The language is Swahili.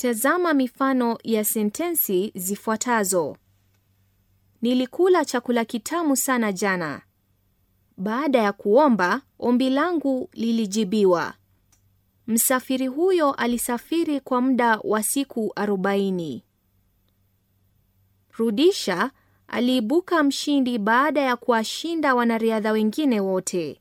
Tazama mifano ya sentensi zifuatazo. Nilikula chakula kitamu sana jana. Baada ya kuomba, ombi langu lilijibiwa. Msafiri huyo alisafiri kwa muda wa siku arobaini. Rudisha aliibuka mshindi baada ya kuwashinda wanariadha wengine wote.